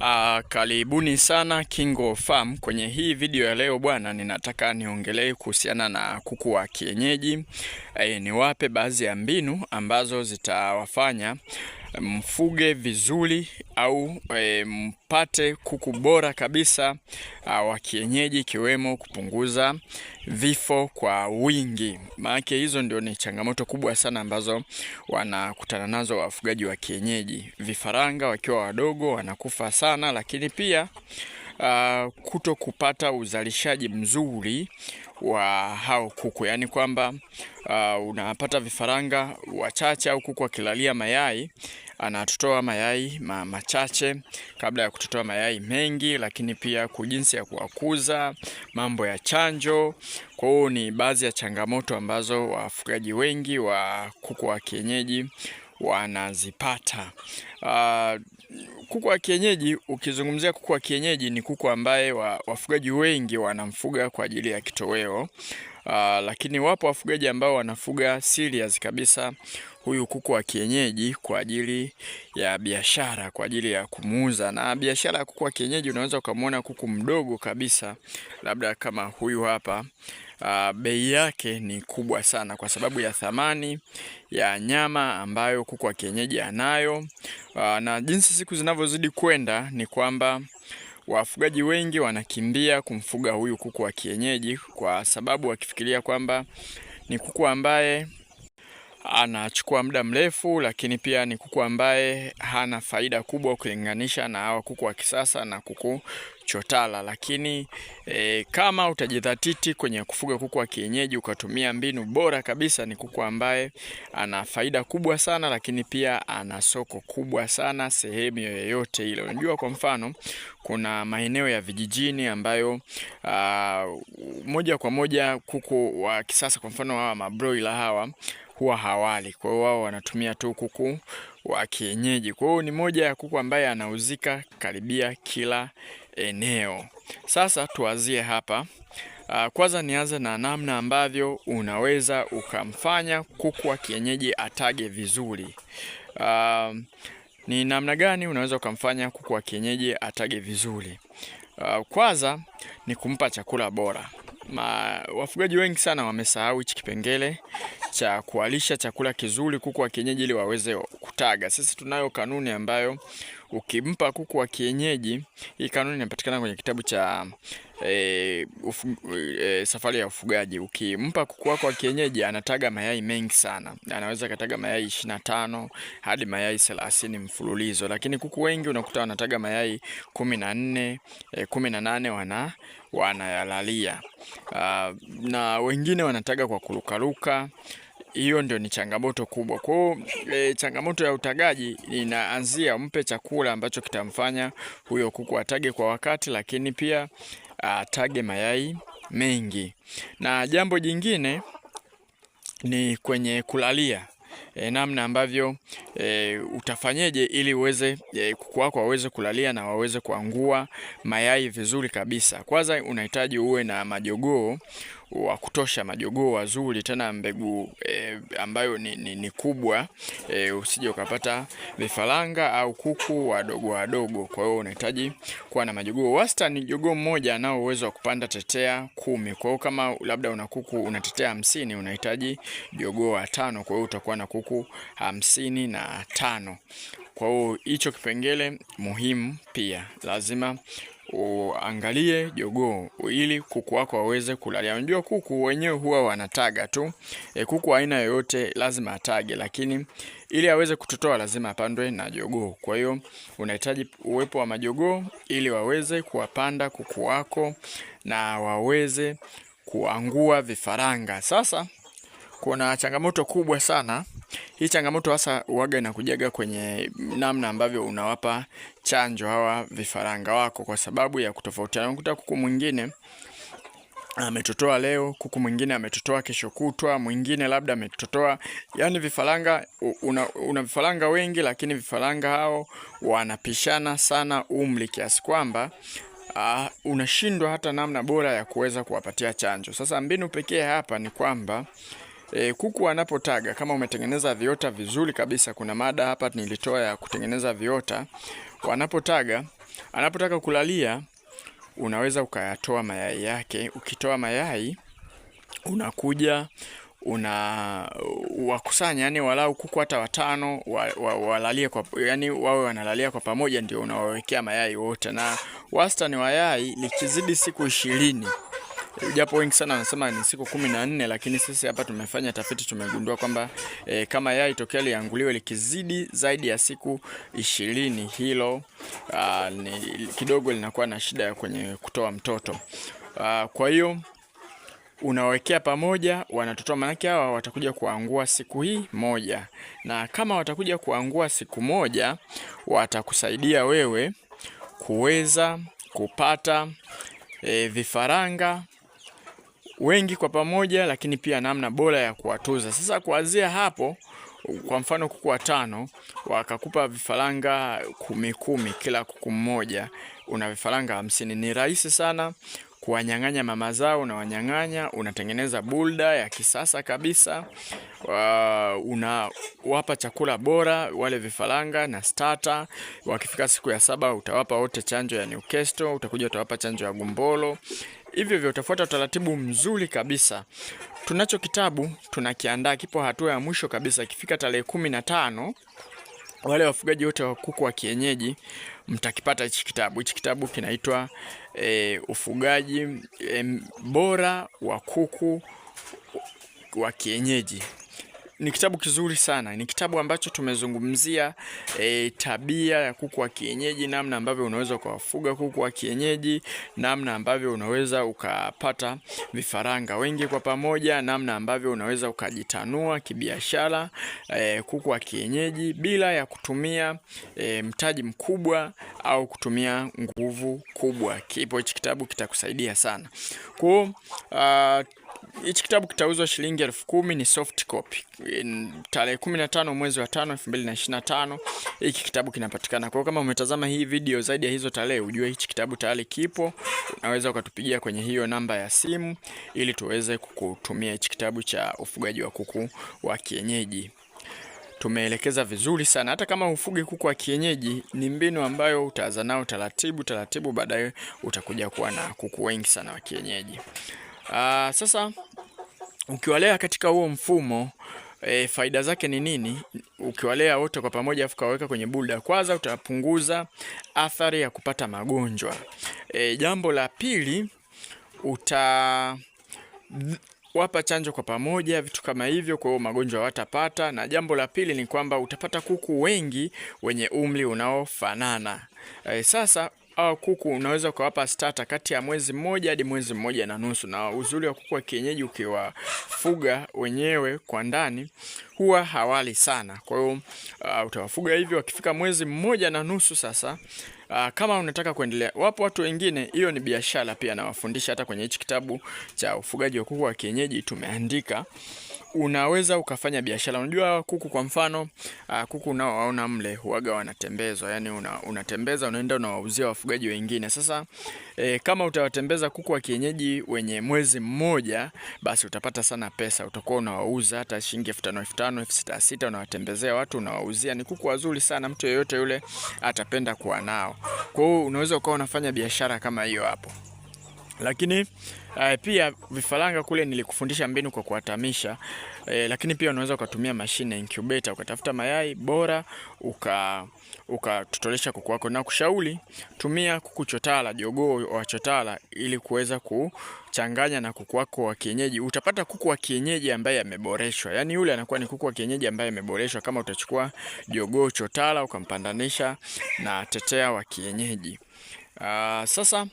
Uh, karibuni sana Kingo Farm. Kwenye hii video ya leo bwana, ninataka niongelee kuhusiana na kuku wa kienyeji. E, eh, niwape baadhi ya mbinu ambazo zitawafanya mfuge vizuri au e, mpate kuku bora kabisa wa kienyeji, ikiwemo kupunguza vifo kwa wingi. Maanake hizo ndio ni changamoto kubwa sana ambazo wanakutana nazo wafugaji wa kienyeji. Vifaranga wakiwa wadogo wanakufa sana, lakini pia a, kuto kupata uzalishaji mzuri wa hao kuku, yaani kwamba uh, unapata vifaranga wachache au kuku wakilalia mayai anatotoa mayai ma, machache kabla ya kutotoa mayai mengi, lakini pia kujinsi ya kuwakuza, mambo ya chanjo. Kwa hiyo ni baadhi ya changamoto ambazo wafugaji wengi wa kuku wa kienyeji wanazipata. Uh, kuku wa kienyeji, ukizungumzia kuku wa kienyeji ni kuku ambaye wa, wafugaji wengi wanamfuga kwa ajili ya kitoweo. Aa, ah, lakini wapo wafugaji ambao wanafuga serious kabisa huyu kuku wa kienyeji kwa ajili ya biashara, kwa ajili ya kumuuza. Na biashara ya kuku wa kienyeji unaweza ukamwona kuku mdogo kabisa, labda kama huyu hapa Uh, bei yake ni kubwa sana kwa sababu ya thamani ya nyama ambayo kuku wa kienyeji anayo. Uh, na jinsi siku zinavyozidi kwenda ni kwamba Wafugaji wengi wanakimbia kumfuga huyu kuku wa kienyeji kwa sababu wakifikiria kwamba ni kuku ambaye anachukua muda mrefu, lakini pia ni kuku ambaye hana faida kubwa ukilinganisha na hawa kuku wa kisasa na kuku chotala. Lakini e, kama utajidhatiti kwenye kufuga kuku wa kienyeji ukatumia mbinu bora kabisa, ni kuku ambaye ana faida kubwa sana, lakini pia ana soko kubwa sana sehemu yoyote ile. Unajua, kwa mfano kuna maeneo ya vijijini ambayo a, moja kwa moja kuku wa kisasa, kwa mfano hawa mabroila hawa huwa hawali, kwa hiyo wao wanatumia tu kuku wa kienyeji. Kwa hiyo ni moja ya kuku ambaye anauzika karibia kila eneo. Sasa tuanzie hapa. Ah, kwanza nianze na namna ambavyo unaweza ukamfanya kuku wa kienyeji atage vizuri. Uh, ni namna gani unaweza ukamfanya kuku wa kienyeji atage vizuri? Uh, kwanza ni kumpa chakula bora. Ma, wafugaji wengi sana wamesahau hichi kipengele cha kualisha chakula kizuri kuku wa kienyeji ili waweze kutaga. Sisi tunayo kanuni ambayo ukimpa kuku wa kienyeji, hii kanuni inapatikana kwenye kitabu cha Eh, ufu, eh, safari ya ufugaji, ukimpa kuku wako wa kienyeji anataga mayai mengi sana, anaweza kataga mayai ishirini na tano hadi mayai thelathini mfululizo, lakini kuku wengi unakuta wanataga mayai kumi na nne eh, kumi na nane wana wanayalalia uh, na wengine wanataga kwa kurukaruka. Hiyo ndio ni changamoto kubwa kwao. E, changamoto ya utagaji inaanzia, mpe chakula ambacho kitamfanya huyo kuku atage kwa wakati, lakini pia atage mayai mengi. Na jambo jingine ni kwenye kulalia. E, namna ambavyo e, utafanyeje ili uweze e, kuku wako waweze kulalia na waweze kuangua mayai vizuri kabisa. Kwanza unahitaji uwe na majogoo wa kutosha, majogoo wazuri, tena mbegu e, ambayo ni, ni, ni kubwa e, usije ukapata vifaranga au kuku wadogo wadogo. Kwa hiyo unahitaji kuwa na majogoo wastani, jogoo mmoja anao uwezo wa kupanda tetea kumi. Kwa hiyo kama labda una kuku una tetea hamsini, unahitaji jogoo watano. Kwa hiyo utakuwa na kuku hamsini na tano. Kwa hiyo hicho kipengele muhimu pia lazima uangalie jogoo ili kuku wako waweze kulalia. Unajua kuku wenyewe huwa wanataga tu e, kuku aina yoyote lazima atage, lakini ili aweze kutotoa lazima apandwe na jogoo. Kwa hiyo unahitaji uwepo wa majogoo ili waweze kuwapanda kuku wako na waweze kuangua vifaranga. Sasa kuna changamoto kubwa sana hii changamoto hasa uaga inakujaga kwenye namna ambavyo unawapa chanjo hawa vifaranga wako, kwa sababu ya kutofautiana. Unakuta kuku mwingine ametotoa leo, kuku mwingine ametotoa kesho kutwa, mwingine labda ametotoa, yani vifaranga una, una vifaranga wengi, lakini vifaranga hao wanapishana sana umri kiasi kwamba uh, unashindwa hata namna bora ya kuweza kuwapatia chanjo. Sasa mbinu pekee hapa ni kwamba E, kuku anapotaga kama umetengeneza viota vizuri kabisa, kuna mada hapa nilitoa ya kutengeneza viota. Wanapotaga, anapotaka kulalia, unaweza ukayatoa mayai yake. Ukitoa mayai, unakuja una wakusanya, yani walau kuku hata watano wa, wa, walalie kwa, yani wawe wanalalia kwa pamoja, ndio unawawekea mayai wote, na wastani wa yai likizidi siku ishirini japo wengi sana wanasema ni siku kumi na nne, lakini sisi hapa tumefanya tafiti, tumegundua kwamba e, kama yai tokea lianguliwe likizidi zaidi ya siku ishirini, hilo a, ah, ni, kidogo linakuwa na shida kwenye kutoa mtoto a, ah, kwa hiyo unawekea pamoja wanatotoa, manake hawa watakuja kuangua siku hii moja, na kama watakuja kuangua siku moja watakusaidia wewe kuweza kupata e, vifaranga wengi kwa pamoja, lakini pia namna bora ya kuwatuza. Sasa kuanzia hapo, kwa mfano kuku watano wakakupa vifaranga kumi kumi, kila kuku mmoja una vifaranga hamsini. Ni rahisi sana kuwanyang'anya mama zao, unawanyang'anya, unatengeneza bulda ya kisasa kabisa. Uh, unawapa chakula bora wale vifaranga na stata. Wakifika siku ya saba utawapa wote chanjo ya Newcastle, utakuja utawapa chanjo ya gumbolo hivyo hivyo utafuata utaratibu mzuri kabisa. Tunacho kitabu tunakiandaa, kipo hatua ya mwisho kabisa. Ikifika tarehe kumi na tano wale wafugaji wote wa kuku wa kienyeji mtakipata hichi kitabu. Hichi kitabu kinaitwa e, ufugaji e, bora wa kuku wa kienyeji ni kitabu kizuri sana. Ni kitabu ambacho tumezungumzia e, tabia ya kuku wa kienyeji, namna ambavyo unaweza ukawafuga kuku wa kienyeji, namna ambavyo unaweza ukapata vifaranga wengi kwa pamoja, namna ambavyo unaweza ukajitanua kibiashara e, kuku wa kienyeji bila ya kutumia e, mtaji mkubwa au kutumia nguvu kubwa. Kipo hichi kitabu kitakusaidia sana. Kwa ah, Hichi kitabu kitauzwa shilingi elfu kumi ni soft copy. Tarehe 15 mwezi wa 5 2025 hiki kitabu kinapatikana. Kwa hiyo kama umetazama hii video zaidi ya hizo tarehe, ujue hichi kitabu tayari kipo, unaweza ukatupigia kwenye hiyo namba ya simu ili tuweze kukutumia hichi kitabu cha ufugaji wa kuku wa kienyeji. Tumeelekeza vizuri sana. Hata kama ufuge kuku wa kienyeji, ni mbinu ambayo utaanza nao taratibu taratibu, baadaye utakuja kuwa na kuku wengi sana wa kienyeji. Aa, ah, sasa ukiwalea katika huo mfumo e, faida zake ni nini? Ukiwalea wote kwa pamoja afu kawaweka kwenye bulda, kwanza utapunguza athari ya kupata magonjwa e, jambo la pili uta wapa chanjo kwa pamoja, vitu kama hivyo, kwa hiyo magonjwa watapata. Na jambo la pili ni kwamba utapata kuku wengi wenye umri unaofanana. E, sasa au kuku unaweza ukawapa stata kati ya mwezi mmoja hadi mwezi mmoja na nusu. Na uzuri wa kuku wa kienyeji ukiwafuga wenyewe kwa ndani huwa hawali sana, kwa hiyo uh, utawafuga hivyo. Wakifika mwezi mmoja na nusu sasa Uh, kama unataka kuendelea, wapo watu wengine, hiyo ni biashara pia, nawafundisha hata kwenye hichi kitabu cha ufugaji wa kuku wa kienyeji tumeandika unaweza ukafanya biashara. Unajua kuku kwa mfano, ah, kuku unaowaona mle huaga wanatembezwa, yani una, unatembeza unaenda unawauzia wafugaji wengine. Sasa eh, kama utawatembeza kuku wa kienyeji wenye mwezi mmoja, basi utapata sana pesa, utakuwa unawauza hata shilingi elfu tano elfu tano elfu sita sita unawatembezea watu unawauzia. Ni kuku wazuri sana, mtu yeyote yule atapenda kuwa nao. Kwa hiyo unaweza ukawa unafanya biashara kama hiyo hapo, lakini Uh, pia vifaranga kule nilikufundisha mbinu kwa kuatamisha. Uh, eh, lakini pia unaweza ukatumia mashine incubator ukatafuta mayai bora uka ukatotolesha kuku wako, na kushauri tumia kuku chotala, jogoo wa chotala ili kuweza kuchanganya na kuku wako wa kienyeji. Utapata kuku wa kienyeji ambaye ameboreshwa, yani yule anakuwa ni kuku wa kienyeji ambaye ameboreshwa, kama utachukua jogoo chotala ukampandanisha na tetea wa kienyeji. Uh, sasa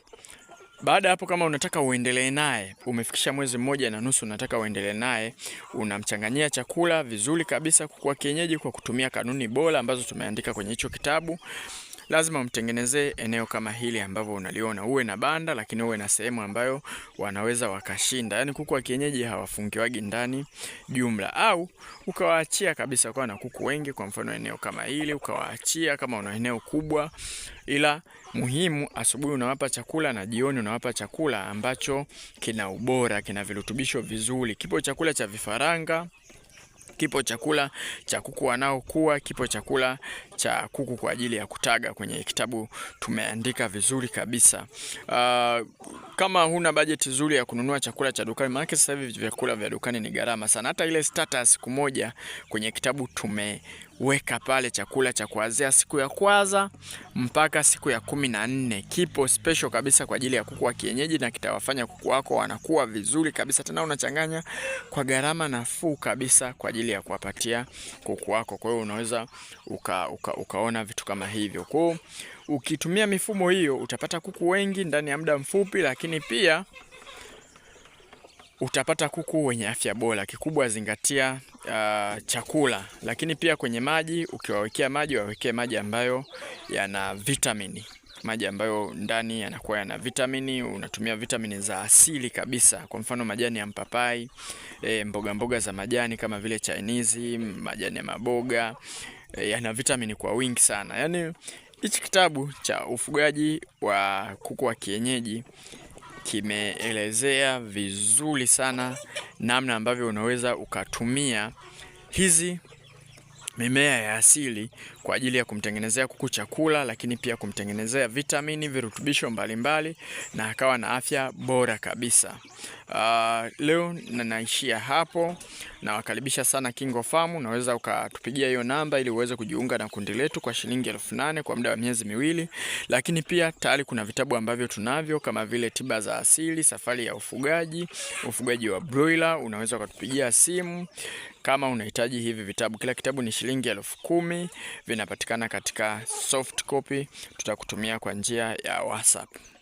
baada hapo, kama unataka uendelee naye, umefikisha mwezi mmoja na nusu, unataka uendelee naye, unamchanganyia chakula vizuri kabisa kwa kienyeji, kwa kutumia kanuni bora ambazo tumeandika kwenye hicho kitabu lazima umtengenezee eneo kama hili ambavyo unaliona, uwe na banda lakini uwe na sehemu ambayo wanaweza wakashinda. Yani kuku wa kienyeji hawafungiwagi ndani jumla, au ukawaachia kabisa kwa na kuku wengi. Kwa mfano eneo kama hili ukawaachia, kama una eneo kubwa, ila muhimu asubuhi unawapa chakula na jioni unawapa chakula ambacho kina ubora, kina virutubisho vizuri. Kipo chakula cha vifaranga Kipo chakula cha kuku wanaokuwa, kipo chakula cha kuku kwa ajili ya kutaga. Kwenye kitabu tumeandika vizuri kabisa. Uh, kama huna bajeti nzuri ya kununua chakula cha dukani, maana sasa hivi vyakula vya dukani ni gharama sana. Hata ile starter siku moja kwenye kitabu tume weka pale chakula cha kuanzia siku ya kwanza mpaka siku ya kumi na nne. Kipo special kabisa kwa ajili ya kuku wa kienyeji na kitawafanya kuku wako wanakuwa vizuri kabisa, tena unachanganya kwa gharama nafuu kabisa kwa ajili ya kuwapatia kuku wako. Kwa hiyo unaweza uka, uka, ukaona vitu kama hivyo. Kwa hiyo ukitumia mifumo hiyo utapata kuku wengi ndani ya muda mfupi, lakini pia utapata kuku wenye afya bora. Kikubwa zingatia uh, chakula, lakini pia kwenye maji, ukiwawekea maji wawekee maji ambayo yana vitamini maji ambayo ndani yanakuwa yana vitamini. Unatumia vitamini za asili kabisa, kwa mfano majani ya mpapai e, mboga mboga za majani kama vile chinese, majani ya maboga e, yana vitamini kwa wingi sana. Yani hichi kitabu cha ufugaji wa kuku wa kienyeji kimeelezea vizuri sana namna ambavyo unaweza ukatumia hizi mimea ya asili kwa ajili ya kumtengenezea kuku chakula, lakini pia kumtengenezea vitamini, virutubisho mbalimbali mbali, na akawa na afya bora kabisa. Uh, leo naishia hapo. Nawakaribisha sana Kingo Farm. Unaweza ukatupigia hiyo namba ili uweze kujiunga na kundi letu kwa shilingi elfu nane kwa muda wa miezi miwili, lakini pia tayari kuna vitabu ambavyo tunavyo kama vile tiba za asili, safari ya ufugaji, ufugaji wa broiler. Unaweza ukatupigia simu kama unahitaji hivi vitabu, kila kitabu ni shilingi elfu kumi. Vinapatikana katika soft copy, tutakutumia kwa njia ya WhatsApp.